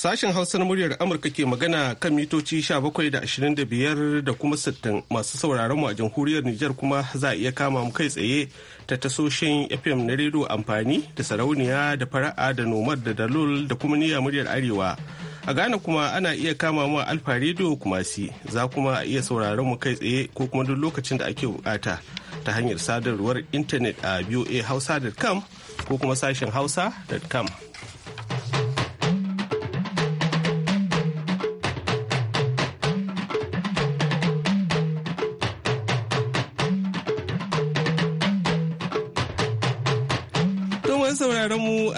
Sashen Hausa na muryar Amurka ke magana kan mitoci 17 da 25 da kuma 60 masu sauraron mu a jamhuriyar Nijar kuma za a iya kama mu kai tsaye ta tasoshin FM na rediyo amfani da sarauniya da fara'a da nomar da dalol da kuma niyya muryar Arewa. A Ghana kuma ana iya kama mu a Alfa rediyo Kumasi za kuma a iya sauraron mu kai tsaye ko kuma duk lokacin da ake bukata ta hanyar sadarwar intanet a voahausa.com ko kuma sashen hausa.com.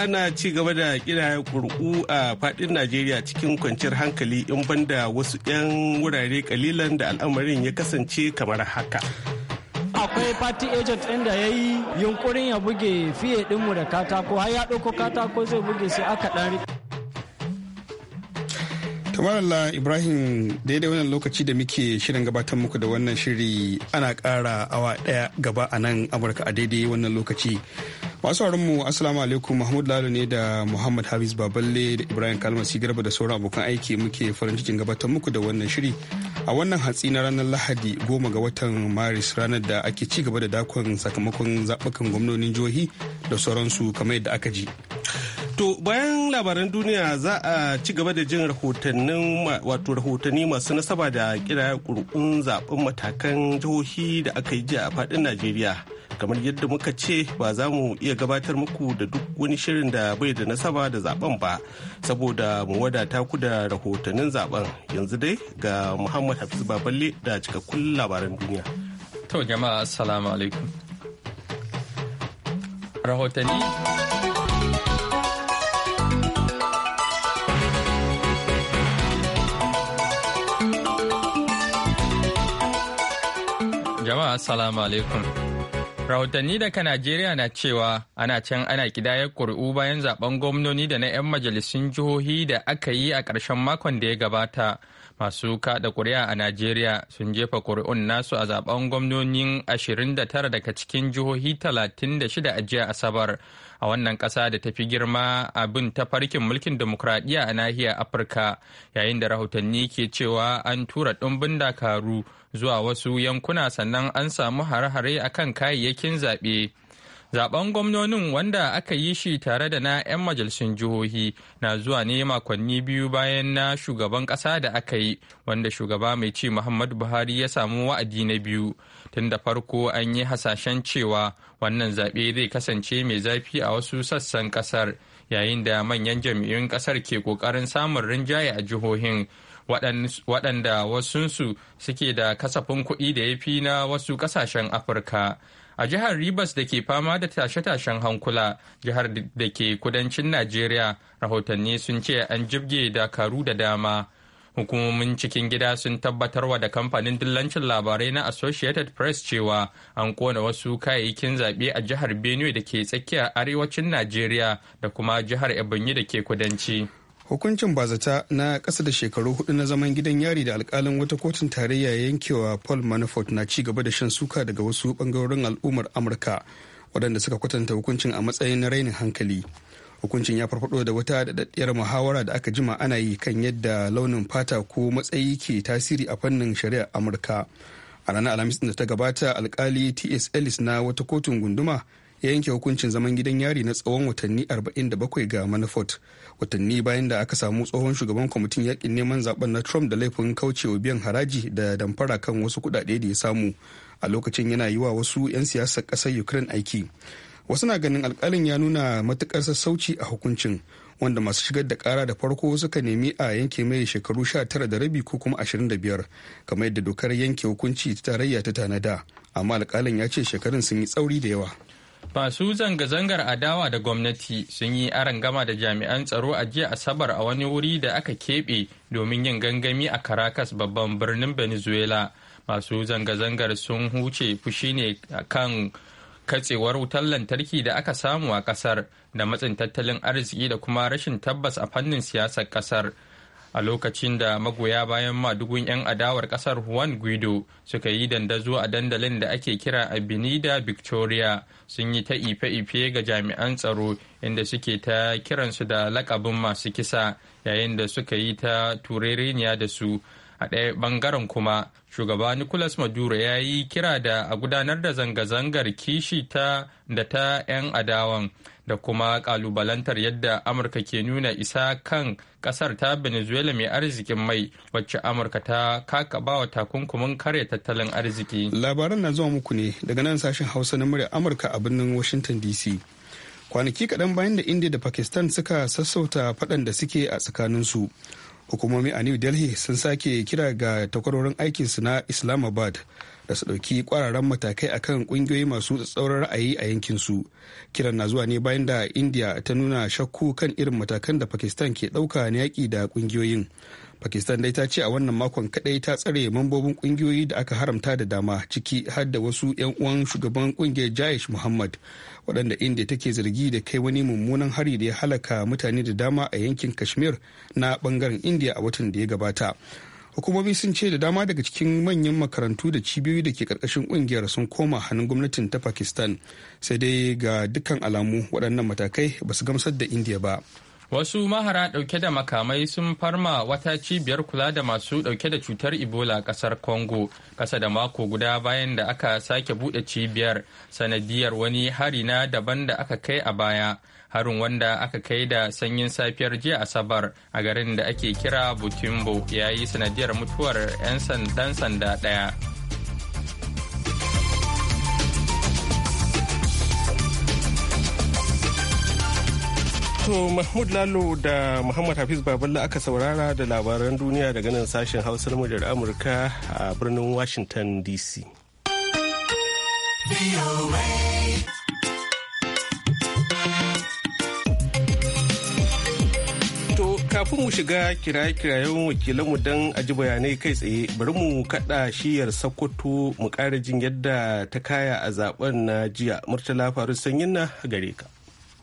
ana ci gaba da kira kurku a fadin najeriya cikin kwanciyar hankali in banda wasu 'yan wurare kalilan da al'amarin ya kasance kamar haka akwai party agent ɗin da ya yi yunkurin ya buge fiye mu da katako har ya ɗauko katako zai buge sai aka ɗan tabarallah ibrahim daidai wannan lokaci da muke shirin gabatar muku da wannan shiri ana ƙara awa ɗaya gaba a nan amurka a daidai wannan lokaci masu mu assalamu alaikum mahmud lalo ne da muhammad hafiz baballe da ibrahim kalmar garba da sauran abokan aiki muke farin cikin gabatar muku da wannan shiri a wannan hatsi na ranar lahadi goma ga watan maris ranar da ake ci gaba da dakon sakamakon zaɓukan gwamnonin jihohi da sauransu kamar yadda aka ji To bayan labaran duniya za a ci gaba da jin rahotannin wato rahotanni masu nasaba da kira kurkun zaɓen matakan jihohi da aka yi jiya a faɗin Najeriya. kamar yadda muka ce ba za mu iya gabatar muku da duk wani shirin da bai da nasaba da zaben ba saboda mu wadata ku da rahotannin zaben yanzu dai ga muhammad hafiz baballe da cikakkun labaran duniya to jama'a assalamu alaikum rahotanni jama'a assalamu alaikum Rahotanni daga Najeriya na cewa ana can ana kidayar kuri'u bayan zaben gwamnoni da na 'yan majalisun jihohi da aka yi a ƙarshen makon da ya gabata. Masu kaɗa ƙuri'a a Najeriya sun jefa kuri'un nasu a zaben gwamnonin 29 daga cikin jihohi 36 a jiya Asabar. A wannan ƙasa da tafi girma abin tafarkin mulkin dimokuraɗiyya a nahiyar Afirka, yayin da rahotanni ke cewa an tura ɗumbin dakaru zuwa wasu yankuna sannan an samu hare-hare kan kayayyakin zaɓe. Zaben gwamnonin wanda aka yi shi tare da na 'yan majalisun jihohi na zuwa ne makonni biyu bayan na shugaban ƙasa da aka yi wanda shugaba mai ci Muhammadu Buhari ya samu wa'adi na biyu. Tun da farko an yi hasashen cewa wannan zaɓe zai kasance mai zafi a wasu sassan ƙasar yayin da manyan jam'iyyun ƙasar ke ƙoƙarin samun rinjaye a jihohin waɗanda wasunsu suke da kasafin kuɗi da ya fi na wasu ƙasashen afirka a jihar ribas da ke fama da tashe-tashen hankula jihar da ke kudancin najeriya rahotanni sun ce an jibge dakaru da dama hukumomin cikin gida sun tabbatarwa da kamfanin dillancin labarai na associated press cewa an kona wasu kayayyakin zaɓe a jihar benue da ke tsakiyar arewacin najeriya da kuma jihar ebonyi da ke kudanci hukuncin bazata na ƙasa da shekaru hudu na zaman gidan yari da alkalin wata kotun tarayya yankewa paul manafort na ci gaba da shan suka daga wasu bangarorin al'ummar amurka waɗanda suka kwatanta hukuncin a matsayin na rainin hankali hukuncin ya farfado da wata daɗaɗɗiyar muhawara da aka jima ana yi kan yadda launin fata ko matsayi ke tasiri a fannin shari'ar amurka a ranar alhamis da ta gabata alkali ts ellis na wata kotun gunduma ya yanke hukuncin zaman gidan yari na tsawon watanni 47 ga manafort watanni bayan da aka samu tsohon shugaban kwamitin yakin neman zaben na trump da laifin kaucewa biyan haraji da damfara kan wasu kudade da ya samu a lokacin yana yi wa wasu 'yan siyasar ƙasar ukraine aiki wasu na ganin alkalin ya nuna matukar sassauci a hukuncin wanda masu shigar da kara da farko suka nemi a yanke mai shekaru sha tara da rabi ko kuma ashirin da biyar kamar yadda dokar yanke hukunci ta tarayya ta tanada amma alkalin ya ce shekarun sun yi tsauri da yawa Masu zanga-zangar adawa da gwamnati sun yi aron gama da jami'an tsaro a jiya Asabar a wani wuri da aka keɓe domin yin gangami a Caracas babban birnin Venezuela. Masu zanga-zangar sun huce fushi ne kan katsewar wutar lantarki da aka samu a kasar da matsin tattalin arziki da kuma rashin tabbas a fannin siyasar kasar. a lokacin da magoya bayan madugun 'yan adawar kasar juan guido suka yi dandazo a dandalin da ake kira abinida victoria sun yi ta ife-ife ga jami'an tsaro inda suke ta kiransu da lakabin masu kisa yayin da suka yi ta turereniya da su a ɗaya bangaren kuma shugaba nicolas maduro ya yi kira da a gudanar da zanga-zangar kishi ta da ta 'yan adawan da kuma kalubalantar yadda amurka ke nuna isa kan ƙasar ta venezuela mai arzikin mai wacce amurka ta ba wa takunkumin kare tattalin arziki labaran na zuwa muku ne daga nan sashen hausa na murya amurka a birnin washington dc kwanaki kaɗan bayan da india da pakistan suka sassauta faɗan da suke a tsakaninsu hukumomi a new delhi sun sake kira ga takwarorin aikinsu na islamabad da su ɗauki kwararan matakai akan ƙungiyoyi masu tsatsauran ra'ayi a yankinsu kiran na zuwa ne bayan da india ta nuna shakku kan irin matakan da pakistan ke ɗauka na yaki da ƙungiyoyin pakistan dai ta ce a wannan makon kadai ta tsare mambobin kungiyoyi da aka haramta da dama ciki har da wasu 'yan uwan shugaban kungiyar jayesh muhammad waɗanda india take zargi da kai wani mummunan hari da ya halaka mutane da dama a yankin kashmir na bangaren india a watan da ya gabata hukumomi sun ce da dama daga cikin manyan makarantu da cibiyoyi da ke karkashin kungiyar sun koma hannun gwamnatin ta pakistan sai dai ga dukkan alamu waɗannan matakai ba su gamsar da india ba Wasu mahara ɗauke da makamai sun farma wata cibiyar kula da masu ɗauke da cutar Ebola ƙasar Congo, ƙasa da mako guda bayan da aka sake buɗe cibiyar sanadiyar wani hari na daban da aka kai a baya. Harin wanda aka kai da sanyin safiyar jiya Asabar a garin da ake kira Butimbo yayi sanadiyar mutuwar 'yan sanda ɗaya. To Mahmud Lalo da Muhammad Hafiz Baballa aka saurara da labaran duniya daga nan sashen Hausa na muryar Amurka a birnin Washington DC. To kafin mu shiga kiraye-kirayen wakilanmu don aji bayanai kai tsaye bari mu kaɗa shiyar Sokoto mu ƙara jin yadda ta kaya a zaben na jiya Murtala Faru Sanyin na gare ka.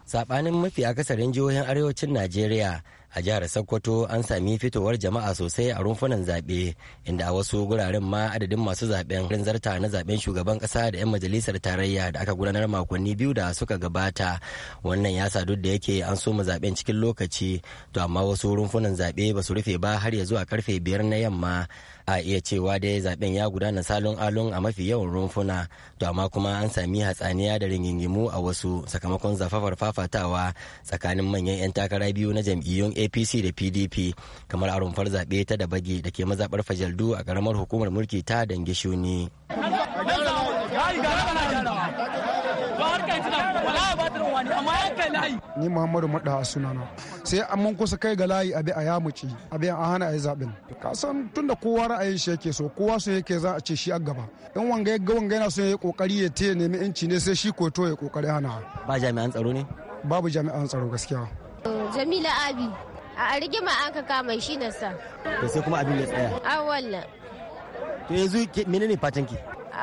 saɓanin mafi akasarin jihohin arewacin najeriya a jihar sokoto an sami fitowar jama'a sosai a rumfunan zaɓe inda a wasu guraren ma adadin masu zaɓen zarta na zaɓen shugaban ƙasa da 'yan majalisar tarayya da aka gudanar makonni biyu da suka gabata wannan ya sa duk da yake an soma zaɓen cikin lokaci to amma wasu rumfunan zaɓe ba su rufe ba har ya zuwa karfe biyar na yamma a iya cewa dai zaɓen ya gudana salon alon a mafi yawan rumfuna to amma kuma an sami hatsaniya da rigingimu a wasu sakamakon zafafar fafatawa tsakanin manyan 'yan takara biyu na jam'iyyun apc da pdp kamar a rumfar zaɓe ta da bage da ke mazaɓar fajaldu a ƙaramar hukumar mulki ta dange shuni ni muhammadu maɗa a sunana sai an mun kusa kai ga layi abi a yamuci abi a hana a yi zaɓen ka san tun da kowa ra'ayin shi yake so kowa so yake za a ce shi a gaba in wanga ga wanga yana so ya yi kokari ya taya nemi inci ne sai shi ko to ya kokari hana ba jami'an tsaro ne babu jami'an tsaro gaskiya Jamila Abi. A rigima an ka kama shi na sa. To sai kuma abin ya tsaya. A wallan. To yanzu menene fatan ki?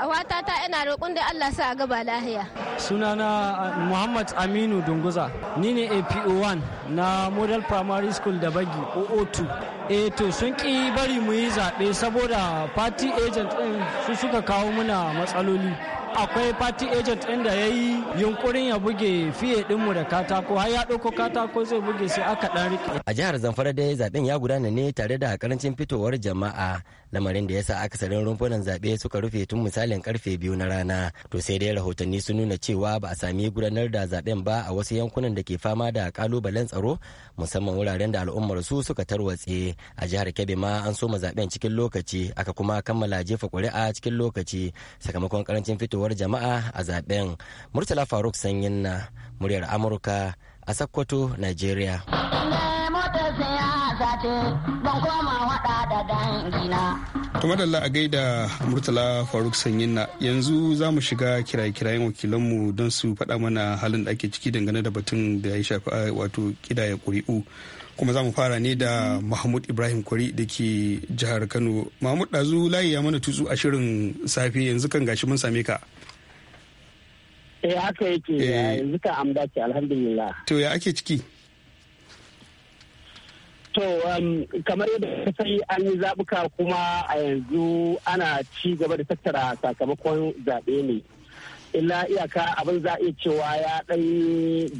Wata ta ina roƙon da Allah sa a gaba lahiya. Sunana Muhammad Aminu Dunguza. Ni ne APO1 na Model Primary School da Bagi OO2. E eh, to sun ki bari mu yi zaɓe saboda party agent ɗin su suka kawo muna matsaloli. akwai party agent inda da ya yi yunkurin ya buge fiye ɗinmu da katako har ya ɗauko katako zai buge sai aka ɗan rike. a jihar zamfara dai zaben ya gudana ne tare da karancin fitowar jama'a lamarin da ya sa akasarin rumfunan zaɓe suka rufe tun misalin karfe biyu na rana to sai dai rahotanni sun nuna cewa ba a sami gudanar da zaben ba a wasu yankunan da ke fama da kalubalen tsaro musamman wuraren da al'ummar su suka tarwatse a jihar kebbi ma an soma zaben cikin lokaci aka kuma kammala jefa kuri'a cikin lokaci sakamakon karancin fitowar rayuwar jama'a a zaben murtala faruk sanyin na muryar amurka a sakkwato nigeria siyasa koma da dangina. To madalla a gaida Murtala Faruk Sanyinna yanzu za mu shiga kiraye-kirayen wakilanmu don su faɗa mana halin da ake ciki dangane da batun da ya shafi wato kidaya ƙuri'u. Kuma za mu fara ne da Mahmud Ibrahim Kwari da ke jihar Kano. Mahmud Ɗazu layi ya mana tutsu a shirin safe yanzu kan gashi mun same ka. Eh haka yake eh. yanzu ka amda alhamdulillah. To ya ake ciki? To um, kamar yadda ka sai an yi zaɓuka kuma a yanzu ana ci gaba da tattara sakamakon zaɓe ne. Illa iyaka abin za iya cewa ya ɗan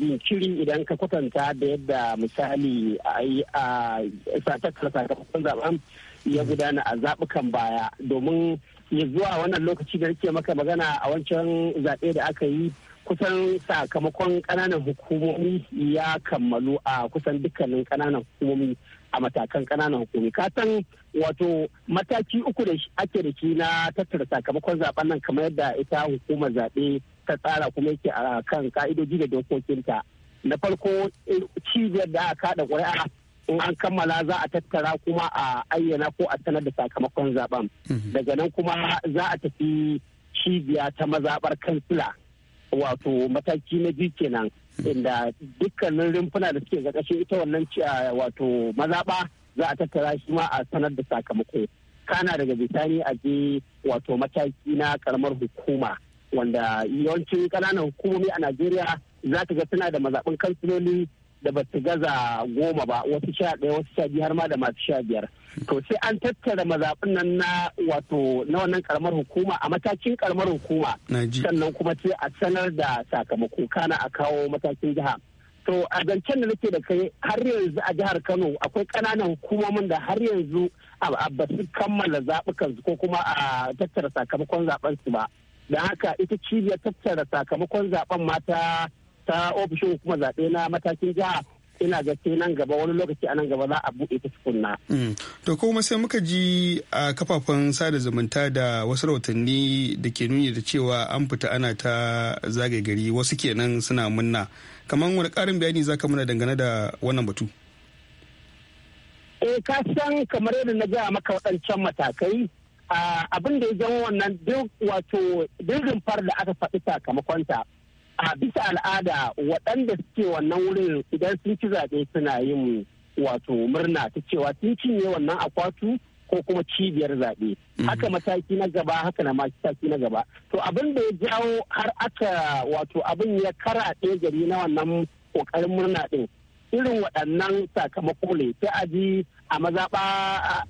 jinkiri idan ka kwatanta da yadda misali a tattara sakamakon zaɓen ya gudana a zaɓukan baya domin ya zuwa wannan lokaci da nake maka magana a wancan zaɓe da aka yi kusan sakamakon kananan hukumomi ya kammalu a kusan dukkanin kananan hukumomi a matakan kananan hukumi kasan wato mataki uku da ake da shi na tattara sakamakon zaben nan kamar yadda ita hukumar zaɓe ta tsara kuma yake a kan ka'idoji da dokokinta na farko cibiyar da aka kaɗa ƙuri'a in an kammala za a tattara kuma a ayyana ko a sanar da sakamakon zaben mhm. daga nan kuma za a tafi cibiya ta mazaɓar kansila wato mataki na biyu kenan inda dukkanin rumfuna da suke ƙarƙashin ita wannan wato mazaɓa za a tattara shi ma a sanar da sakamako kana daga bisani a je wato mataki na karamar hukuma wanda yawancin ƙananan hukumomi a najeriya za ka ga suna da mazaɓin kansiloli da ba su gaza goma ba wasu sha ɗaya wasu sha biyu har ma da masu sha biyar to sai an tattara mazaɓin nan na wato na wannan karamar hukuma a matakin karamar hukuma sannan kuma sai a sanar da sakamako kana a kawo matakin jiha to a zancen da nake da kai har yanzu a jihar kano akwai ƙananan hukumomin da har yanzu ba su kammala zaɓukansu ko kuma a tattara sakamakon zaɓensu ba da haka ita cibiyar tattara sakamakon zaɓen mata ta ofishin kuma zaɓe na matakin jiha ina ga nan gaba wani lokaci a nan gaba za a buɗe ta tukunna. Mm. To kuma sai muka ji a kafafen sada zumunta da wasu rahotanni da ke nuni da cewa an fita ana ta zagaye gari wasu kenan suna munna. Kamar wani ƙarin bayani za ka muna dangane da wannan batu? Eh ka san kamar yadda na gaya maka waɗancan matakai abin da ya zama wannan duk wato duk rumfar da aka faɗi sakamakonta. a bisa al'ada waɗanda suke wannan wurin idan sun ci zaɓe suna yin wato murna ta cewa sun cinye wannan akwatu ko kuma cibiyar zaɓe mm. haka mataki na gaba haka na mataki na gaba to abin da ya jawo har aka wato abin ya karaɗe gari na wannan ƙoƙarin murna ɗin irin waɗannan sakamako ne ta aji a mazaɓa a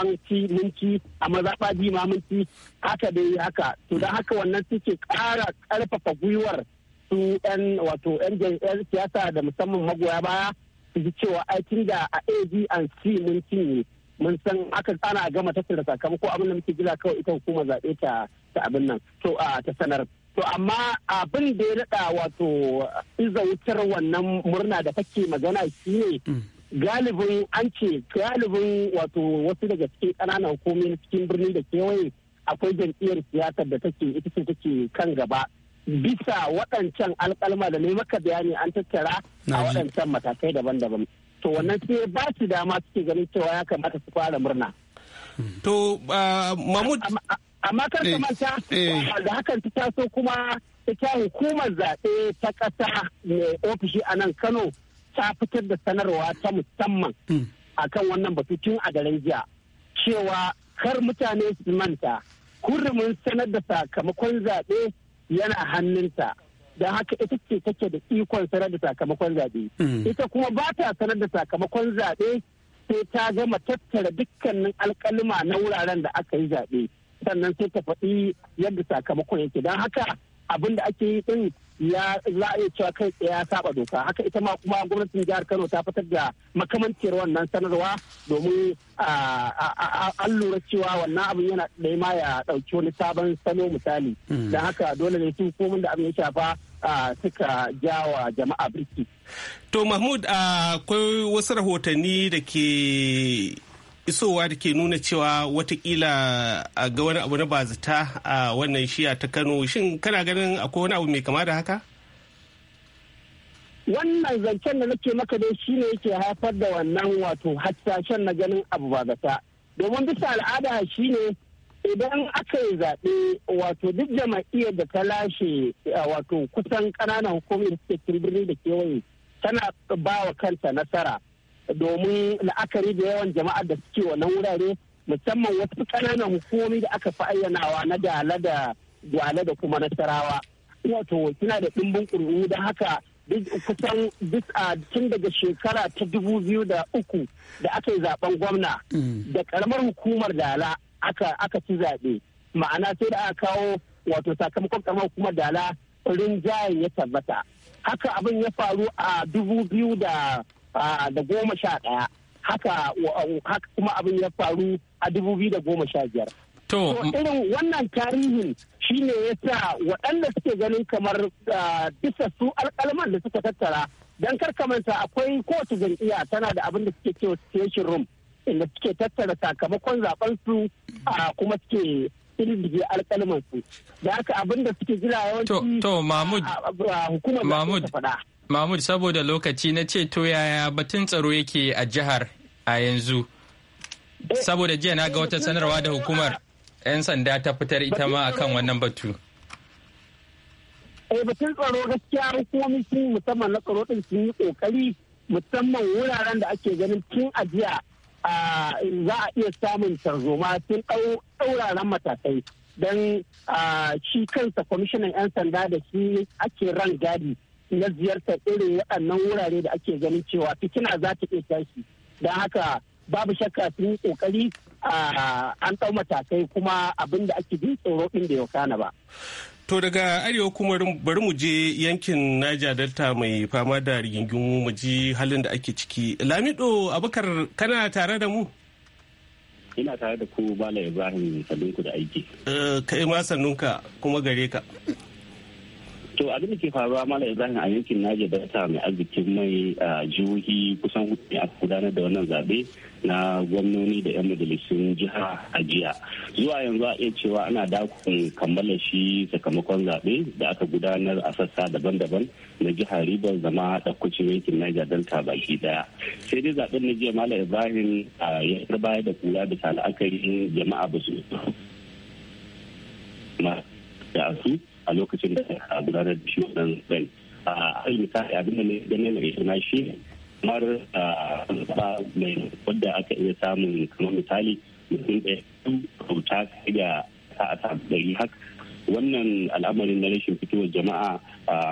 an ci minti a mazaɓa b ma minti haka dai haka to don haka wannan suke ƙara ƙarfafa gwiwar su 'yan wato 'yan siyasa da musamman magoya baya su ji cewa aikin da a ab and c mun cinye mun san aka tsana a gama tattara sakamako abin da muke gida kawai ita hukumar zaɓe ta abin nan to a ta sanar to amma abin da ya naɗa wato iza wutar wannan murna da take magana shine mm. galibin an ce galibin wato wasu daga cikin ƙananan hukumomi cikin birni da kewaye akwai jam'iyyar siyasar da take ita ce take kan gaba bisa waɗancan alƙalma da ne maka bayani an tattara a waɗancan matakai daban-daban to wannan sai ba su dama suke ganin cewa ya kamata su fara murna to ah, mahmud amma kar ka eh, manta eh. da hakan ta taso kuma ita hukumar zaɓe ta ƙasa mai ofishi a nan kano ta fitar da sanarwa ta musamman hmm. akan wannan batu tun a garin jiya cewa kar mutane su manta kurumin sanar da sakamakon zaɓe yana hannunta don haka ita ce take da ikon sanar da sakamakon zaɓe hmm. ita kuma ba ta sanar da sakamakon zaɓe sai ta gama tattara dukkanin alkalima na wuraren da aka yi zaɓe sannan sai ta faɗi yadda sakamakon yake don haka abin da ake yi din ya za iya cewa kai tsaye ya saba doka haka ita ma kuma gwamnatin jihar kano ta fitar da makamanciyar wannan sanarwa domin an lura cewa wannan abin yana da ma ya ɗauki wani sabon salo misali hmm. don haka dole ne su komin da abin ya shafa suka jawa jama'a birki. to mahmud akwai wasu rahotanni da ke isowa da ke nuna cewa watakila a ga wani abu na bazata a wannan shiya ta kano shin kana ganin akwai wani abu mai kama da haka wannan zancen da nake maka dai shi ne yake haifar da wannan wato hasashen na ganin abu bazata domin bisa al'ada shi ne idan aka yi zaɓe wato duk jama'iyyar da ta lashe wato kusan ƙananan hukumar da suke da kewaye tana ba wa kanta nasara domin la'akari da yawan jama'ar da suke wannan wurare musamman wasu ƙananan hukumomi da aka fi ayyanawa na dala da gwale da kuma nasarawa wato suna da ɗimbin ƙuri'u don haka kusan tun daga shekara ta dubu biyu da uku da aka yi zaben gwamna mm. da karamar hukumar dala aka ci zaɓe ma'ana sai da aka kawo wato sakamakon karamar hukumar dala rinjayen ya tabbata haka abin ya faru a dubu biyu da Ah, da goma sha ɗaya haka kuma abin ya faru a dubu biyu da goma sha biyar. To irin wannan tarihin shi ne ya sa waɗanda suke ganin kamar ah, bisa su alƙalman da suka tattara don karkamanta akwai kowace jam'iyya tana da abin da suke cewa situation room inda suke tattara sakamakon zaben su ah, kuma suke ilimi alƙalman su da haka abin da suke jira yawanci hukumar da suke faɗa. mahmud saboda lokaci na ce to yaya batun tsaro yake a jihar a yanzu eh, saboda jiya na ga eh, wata sanarwa da hukumar 'yan sanda ta fitar ita ma akan wannan batu eh batun tsaro gaskiya hukumomi sun musamman na tsaro ɗin sun yi kokari musamman wuraren da ake ganin tun a jiya za a iya samun tarzoma sun ɗauraren matakai don shi kansa kwamishinan 'yan sanda da shi ake ran gadi na ziyartar irin waɗannan wurare da ake ganin cewa fitina za ta iya tashi don haka babu shakka sun yi kokari an ɗau matakai kuma abin da ake bin tsoro ɗin da yau kana ba. To daga arewa kuma bari mu je yankin Niger Delta mai fama da rigingimu mu ji halin da ake ciki. Lamido Abubakar kana tare da mu? Ina tare da ku Bala Ibrahim Salinku da aiki. Eh, kai ma sannunka kuma gare ka. To abin da ke faruwa mala zahin a yankin Naje ta mai arzikin mai jihohi kusan hudu a gudanar da wannan zabe na gwamnoni da 'yan majalisun jiha a jiya. Zuwa yanzu a iya cewa ana dakon kammala shi sakamakon zaɓe da aka gudanar a sassa daban-daban na jihar ribar zama da kucin yankin naija Delta baki daya. Sai dai zaɓen na jiya mala Ibrahim ya baya da kula da ta la'akari jama'a ba su da su a lokacin da a gudanar da shi wannan zai a misali abin da ne ganin da ita na shi kamar ba mai wadda aka iya samun kamar misali mutum ɗaya kauta kai da ta a ɗari haka wannan al'amarin na rashin fitowar jama'a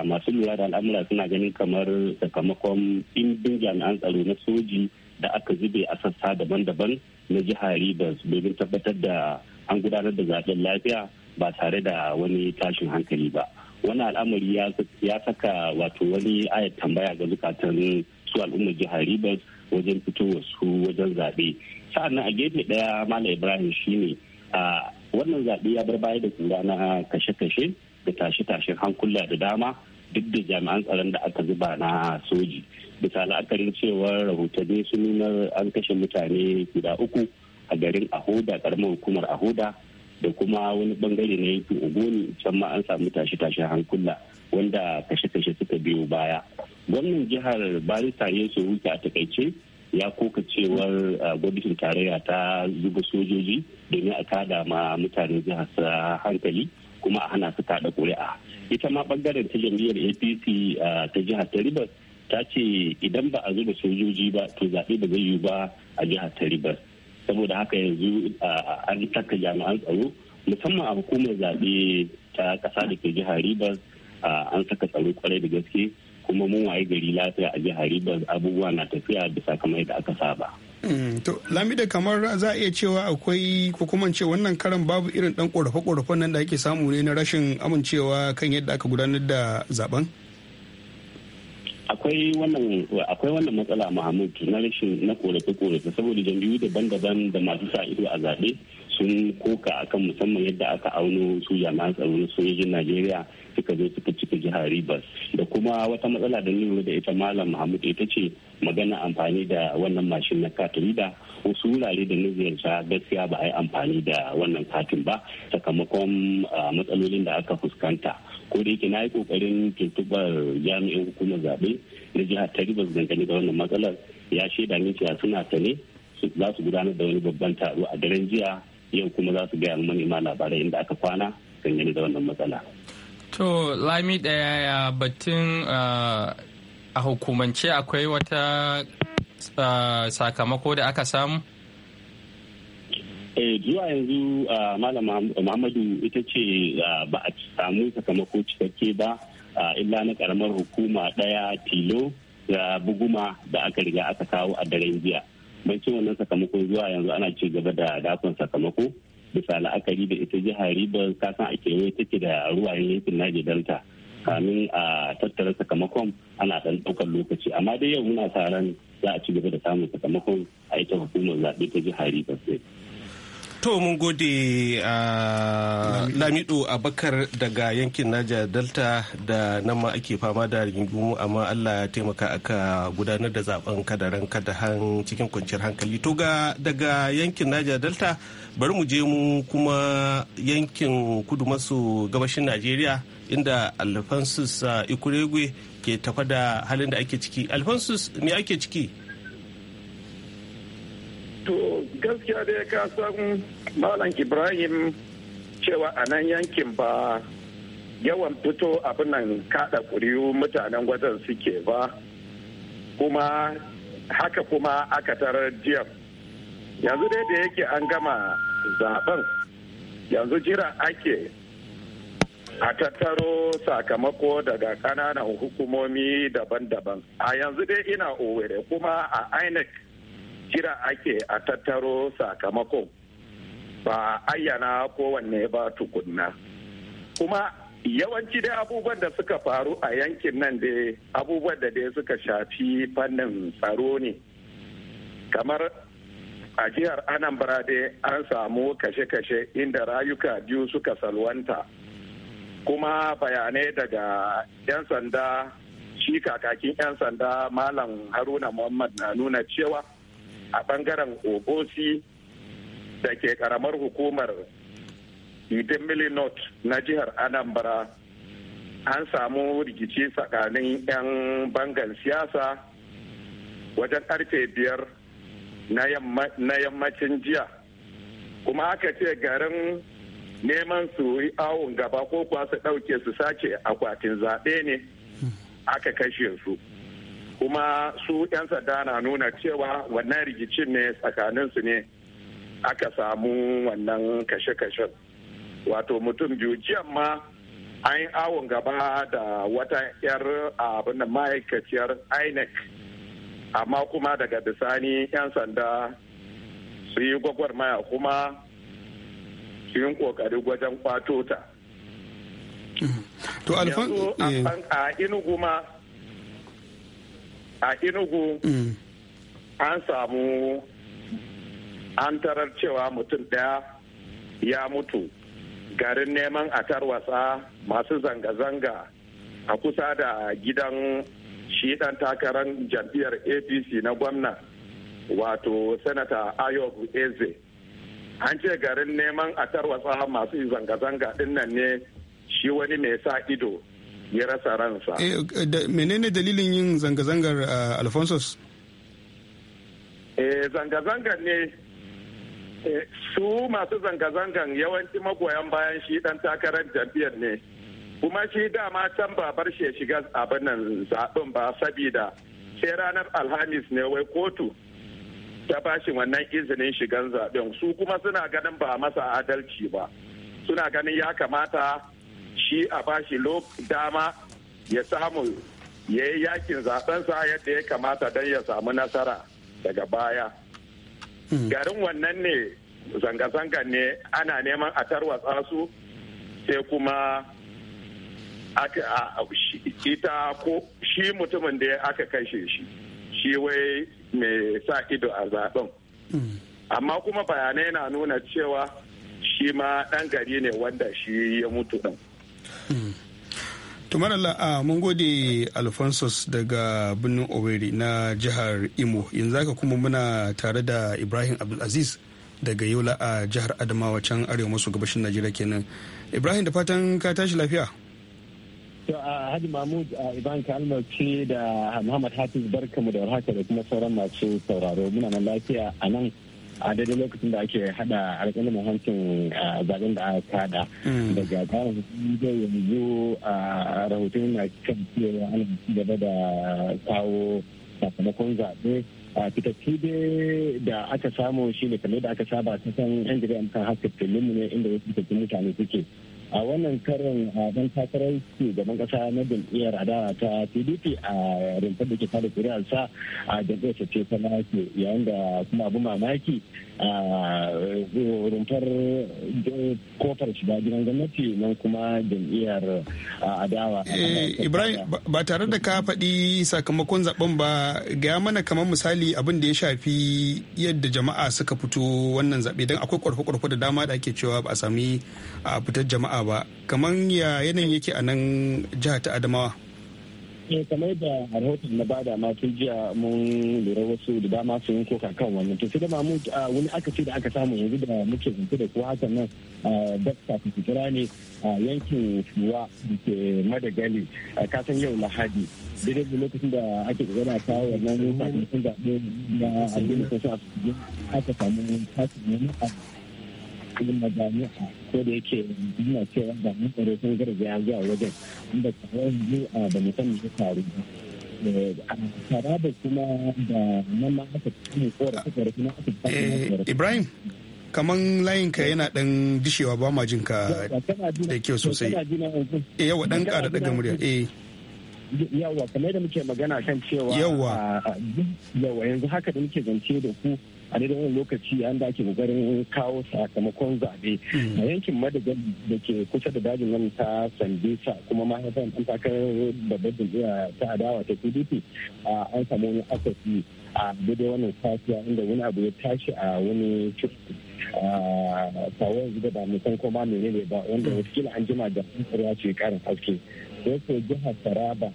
masu lura da al'amura suna ganin kamar sakamakon ɗimbin jami'an tsaro na soji da aka zube a sassa daban-daban na jihar Rivers domin tabbatar da an gudanar da zaben lafiya ba tare da wani tashin hankali ba wani al'amari ya saka wato wani ayat tambaya ga zukatan su al'ummar jihar ribas wajen fitowa su wajen zaɓe nan a gefe ɗaya malam ibrahim shine a wannan zaɓe ya bar baya da kura na kashe-kashe da tashe-tashen hankula da dama duk da jami'an tsaron da aka zuba na soji bisa la'akarin cewar rahotanni sun nuna an kashe mutane guda uku a garin ahoda karamar hukumar ahoda da kuma wani bangare na yankin ogoni can ma an samu tashe-tashe hankula wanda kashe-kashe suka biyo baya gwamnan jihar barista ya su a takaice ya koka cewar uh, gwamnatin tarayya ta zuba sojoji domin a kada ma mutanen jihar hankali kuma a hana su kada kuri'a ita ma bangaren ta jam'iyyar apc uh, ta jihar ta ribas ta ce idan ba a zuba sojoji ba to zaɓe ba zai yiwu ba a jihar ta ribas saboda haka yanzu an saka jami'an tsaro musamman a hukumar zaɓe ta ƙasa da ke jihar ribas an saka tsaro kwarai da gaske kuma mun waye gari lafiya a jihar ribas abubuwa na tafiya bisa kamar da aka saba. Mm, to Lamida kamar za a iya cewa akwai ko kuma ce wannan karan babu irin dan korafe-korafen nan da ake samu ne na rashin amincewa kan yadda aka gudanar da zaben? akwai wannan akwai wannan matsala Muhammad na rashin na korafe korafe saboda jam'iyyu daban-daban da masu sa ido a zaɓe sun koka akan musamman yadda aka auno su jami'an tsaro na sojojin Najeriya suka zo suka cika jihar Rivers da kuma wata matsala da lura da ita Malam Muhammad ita ce magana amfani da wannan mashin na katrida wasu wurare da na ziyarta gaskiya ba a yi amfani da wannan katin ba sakamakon ah, matsalolin da aka fuskanta ko da yake na yi kokarin tuntubar jami'in hukumar zaɓe na jihar ta dangane da wannan matsalar ya shaida min cewa suna ta ne za su gudanar da wani babban taro a daren jiya yau kuma za su gaya manema labarai inda aka kwana dangane da wannan matsala. to lami ɗaya ya batun a hukumance akwai wata sakamako da aka samu? Eh, zuwa yanzu ah, malam muhammadu ita ce ah, ba a samu sakamako cikakke ba ah, illa na karamar hukuma daya tilo da buguma da aka riga aka kawo a daren jiya ban ci wannan sakamako zuwa yanzu ana ci gaba da dakon sakamako bisa la'akari da ita jihar ribar kasan a kewaye take da ruwayen yankin naje delta kamin a tattara sakamakon ana dan daukar lokaci amma dai yau muna taron za a ci gaba da samun sakamakon a ita hukumar zaɓe ta jihar ribar To mun gode a Lamido Abakar daga yankin Naja Delta da nan ma ake fama da rigingimu amma Allah ya taimaka aka gudanar da zaben kadaran han cikin kwanciyar hankali. To ga daga yankin Naja Delta bari mu je mu kuma yankin kudu maso gabashin Najeriya inda Alphonsus Ikuregwe ke tafa da halin da ake ciki. alfansus me ake ciki? to gaskiya dai ka san malam ibrahim cewa a nan yankin ba yawan fito abin nan kada kuriyu mutanen wajen suke ba kuma haka kuma aka tarar jiya yanzu dai da yake an gama zaben yanzu jira ake a tattaro sakamako daga kananan hukumomi daban-daban a yanzu dai ina owere kuma a inec jira ake a tattaro sakamakon ba ayyana kowanne ba tukunna kuma yawanci dai abubuwan da suka faru a yankin nan dai abubuwan da dai suka shafi fannin tsaro ne kamar a jihar anambra dai an samu kashe-kashe inda rayuka biyu suka salwanta kuma bayanai daga 'yan sanda shi kakakin 'yan sanda malam haruna muhammad na nuna cewa a bangaren obosi da ke karamar hukumar idimilinot north na jihar anambra an samu rikici tsakanin 'yan bangan siyasa wajen karfe biyar na yammacin jiya kuma aka ce garin neman su yi awon gaba ko kuwa su ɗauke su sace akwatin zaɓe ne aka kashe su. kuma su 'yan sanda na nuna cewa wannan rigicin ne tsakaninsu ne aka samu wannan kashe kashe wato mutum biyu jiyan ma an yi awon gaba da wata 'yar abin ma'aikaciyar inec amma kuma daga bisani 'yan sanda su yi gwagwarmaya kuma su yi kokari wajen kwato ta yanzu a inu eh. kuma. a inugu mm. an samu an tarar cewa mutum ɗaya ya mutu garin neman a tarwatsa masu zanga-zanga a kusa da gidan shi ɗan takarar jam'iyyar apc na gwamna wato sanata ayob eze an ce garin neman a tarwatsa masu zanga-zanga ɗin ne shi wani mai sa ido ya rasa ransa eh, menene dalilin yin zanga-zangar uh, alphonsus eh, zanga-zangar ne eh, su masu zanga-zangar yawanci magoyan bayan shi dan takarar jam'iyyar ne kuma shi dama can ba bar shi ya shiga abin nan zaɓin ba sabida sai ranar alhamis ne wai kotu ta bashi wannan izinin shigan zaɓen su kuma suna ganin ba masa adalci ba suna ganin ya kamata shi a bashi dama ya samu ya yi yakin zaɓensa yadda ya kamata don ya samu nasara daga baya hmm. garin wannan ne zanga-zanga ne ana neman a tarwatsa su sai kuma ita ko shi mutumin da aka kashe shi shi wai mai sa ido a zaɓen. Hmm. amma kuma bayanai na nuna cewa shi ma ɗan gari ne wanda shi ya mutu ɗin Allah a mun gode alphonsus daga birnin oweri na jihar imo yanzu haka kuma muna tare da ibrahim abdulaziz daga yola a jihar adamawa can arewa maso gabashin najeriya kenan ibrahim da fatan ka tashi lafiya to a Hadi mahmud a ibrahim kalmar ce da muhammad hafiz barkamu da warhaka da kuma sauran masu sauraro muna nan lafiya a nan a daidai lokacin da ake hada alƙalamin hancin zaben da aka kada mm. daga tsarin da yanzu a rahoton na kan cewa ana gaba da kawo sakamakon zaɓe a dai da aka samu shi ne kamar da aka saba ta san yan jirgin kan haska filin ne inda wasu fitattun mutane suke a wannan karin dan takarar ke gaban kasa na jam'iyyar adawa ta pdp a rumfar da ke fara kuri'arsa a jam'iyyar ce ta yayin da kuma abu mamaki rumfar eh, kofar shiga gidan gwamnati nan kuma jam'iyyar adawa. Eh, Ibrahim ba tare da ka faɗi sakamakon zaben ba gaya mana kamar misali abin da ya shafi yadda jama'a suka fito wannan zaɓe don akwai ƙwarfe-ƙwarfe da dama da ake cewa ba a sami a fitar jama'a ba kamar ya yanayin yake a nan jihar ta Adamawa. eh kamar da a rahoton na bada ma tun jiya mun lura wasu da dama su yin koka kan wannan to sai da mamu wani aka ce da aka samu yanzu da muke zance da kuwa hakan nan dakta fitira ne a yankin shuwa da ke madagali a kasan yau lahadi daidai da lokacin da ake gaba a kawo wannan sakamakon zaɓe na abin da aka samu tasiri cikin majami'a ko da yake muna cewa da mun tsaro sun gargaya zuwa wajen inda tsawon yanzu a da faru eh, tara da kuma da nan ma aka cikin korafi korafi na aka cikin eh, ibrahim kaman layin ka yana dan dishewa ba ma jin ka da kyau sosai eh yawa dan kara daga murya eh yawa kamar da muke magana kan cewa yawa yawa yanzu haka da muke zance da ku a daidai wani lokaci an daki ake kokarin kawo sakamakon zaɓe a yankin madagal da ke kusa da dajin nan ta sambisa kuma mahaifan an takarar babbar jam'iyya ta adawa ta pdp an samu wani akasi a daidai wannan safiya inda wani abu ya tashi a wani cikin kawo yanzu da ba mu san ne menene ba wanda wasu an jima da ya ce karin haske da yake jihar taraba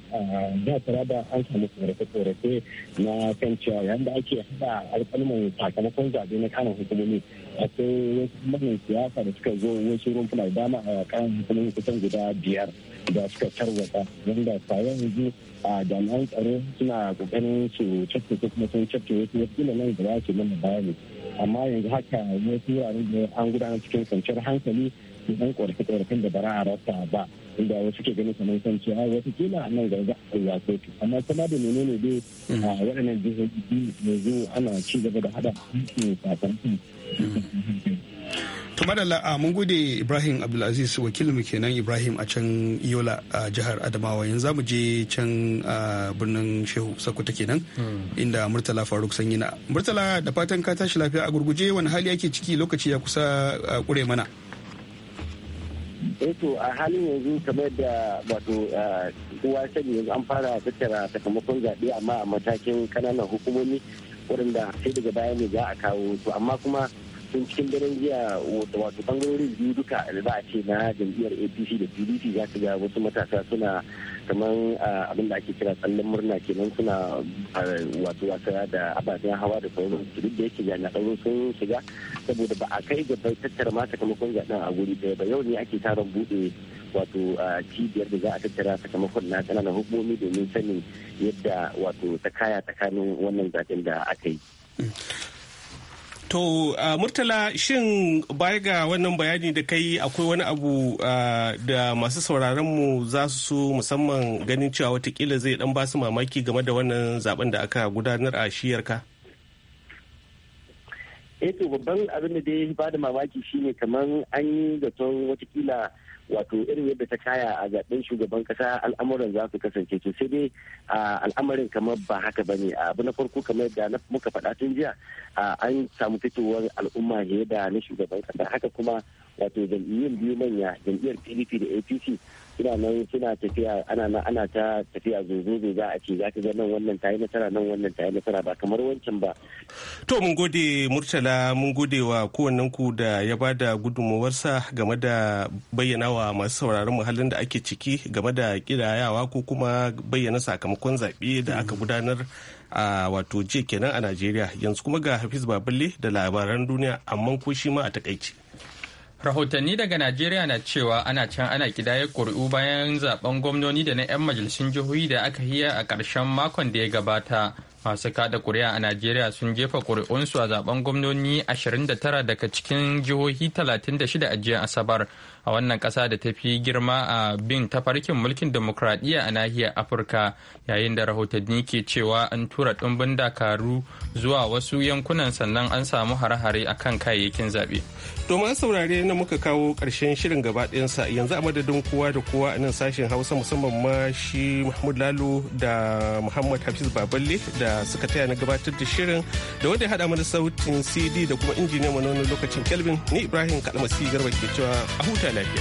jihar taraba an samu tsorafe-tsorafe na kan cewa yadda ake haɗa alƙalman sakamakon zaɓe na kanan hukumomi akwai wasu manyan siyasa da suka zo wasu rumfuna dama a kan hukumomi kusan guda biyar da suka tarwata wanda sayan yanzu a jami'an tsaro suna kokarin su cafke su kuma sun cafke wasu wasu nan da za su nuna bayani amma yanzu haka wasu wuraren da an gudanar cikin kwanciyar hankali su ɗan korafe-korafen da bara a rasa ba inda wasu ke ganin kamar kan cewa kila a nan gaba a ya kotu amma kuma da menene dai mm. a waɗannan jihohi yanzu ana ci gaba da haɗa su sakamakon to madalla mun gode ibrahim abdulaziz wakilin mu kenan ibrahim a can yola a jihar adamawa yanzu mu je can birnin shehu sakuta kenan mm. inda murtala faruk sanyi na murtala da fatan ka tashi lafiya a gurguje wani hali ake ciki lokaci ya kusa kure mana eto eh, a halin yanzu kamar da wato kowa sani yanzu an fara tattara sakamakon zaɓe amma a matakin kananan hukumomi waɗanda sai daga baya ne za a kawo to amma kuma sun cikin daren jiya wato bangarorin biyu duka da za a ce na jam'iyyar apc da pdp za su ga wasu matasa suna kamar abin da ake kira tsallen murna kenan suna wato wasa da ababen hawa da sauran su duk da yake jami'an sun shiga saboda ba a kai ga tattara ma sakamakon zaɓen a guri ɗaya ba yau ne ake taron buɗe wato cibiyar da za a tattara sakamakon na ƙananan hukumomi domin sanin yadda wato ta kaya tsakanin wannan zaɓen da aka yi. Mm. To uh, Murtala shin baya ga wannan bayani da kai akwai wani abu uh, da masu sauraronmu za su so musamman ganin cewa watakila zai dan basu mamaki game da wannan zaben da aka gudanar a shiyarka? Eh, to babban abin da dai ba da mamaki shine kamar an yi zaton watakila wato irin yadda ta kaya a zaben shugaban kasa al'amuran za su kasance to sai dai al'amarin kamar ba haka bane abu na farko kamar yadda muka faɗa tun jiya an samu fitowar al'umma ne da na shugaban kasa haka kuma wato jam'iyyun biyu manya jam'iyyar pdp da apc suna nan suna tafiya ana nan ana ta tafiya zuzu za a ce za ka ga nan wannan ta yi nasara nan wannan ta yi nasara ba kamar wancan ba. To mun gode Murtala mun gode wa kowannen ku da ya ba da gudunmawarsa game da bayyana wa masu sauraron muhallin da ake ciki game da kirayawa ko kuma bayyana sakamakon zaɓe da aka gudanar a wato jiya kenan a Najeriya yanzu kuma ga Hafiz Baballe da labaran duniya amma ko shi ma a takaici rahotanni daga najeriya na cewa ana can ana kidayar kuri'u bayan zaben gwamnoni da na 'yan majalisun jihohi da aka yi a ƙarshen makon da ya gabata masu kada kuri'a a najeriya sun jefa ƙuri'unsu a zaben gwamnoni 29 daga cikin jihohi 36 a jiya asabar a wannan ƙasa da ta fi girma a bin tafarkin mulkin demokradiyya a nahiyar afirka yayin da rahotanni ke cewa an tura ɗumbin dakaru zuwa wasu yankunan sannan an samu hare-hare a kan kayayyakin zaɓe. domin saurare na muka kawo ƙarshen shirin gaba ɗayansa yanzu a madadin kowa da kowa a nan sashen hausa musamman ma shi mahmud lalo da muhammad hafiz baballe da suka taya na gabatar da shirin da wanda ya haɗa mana sautin cd da kuma injiniyan wani lokacin kelvin ni ibrahim kalmasi garba ke cewa a huta lafiya.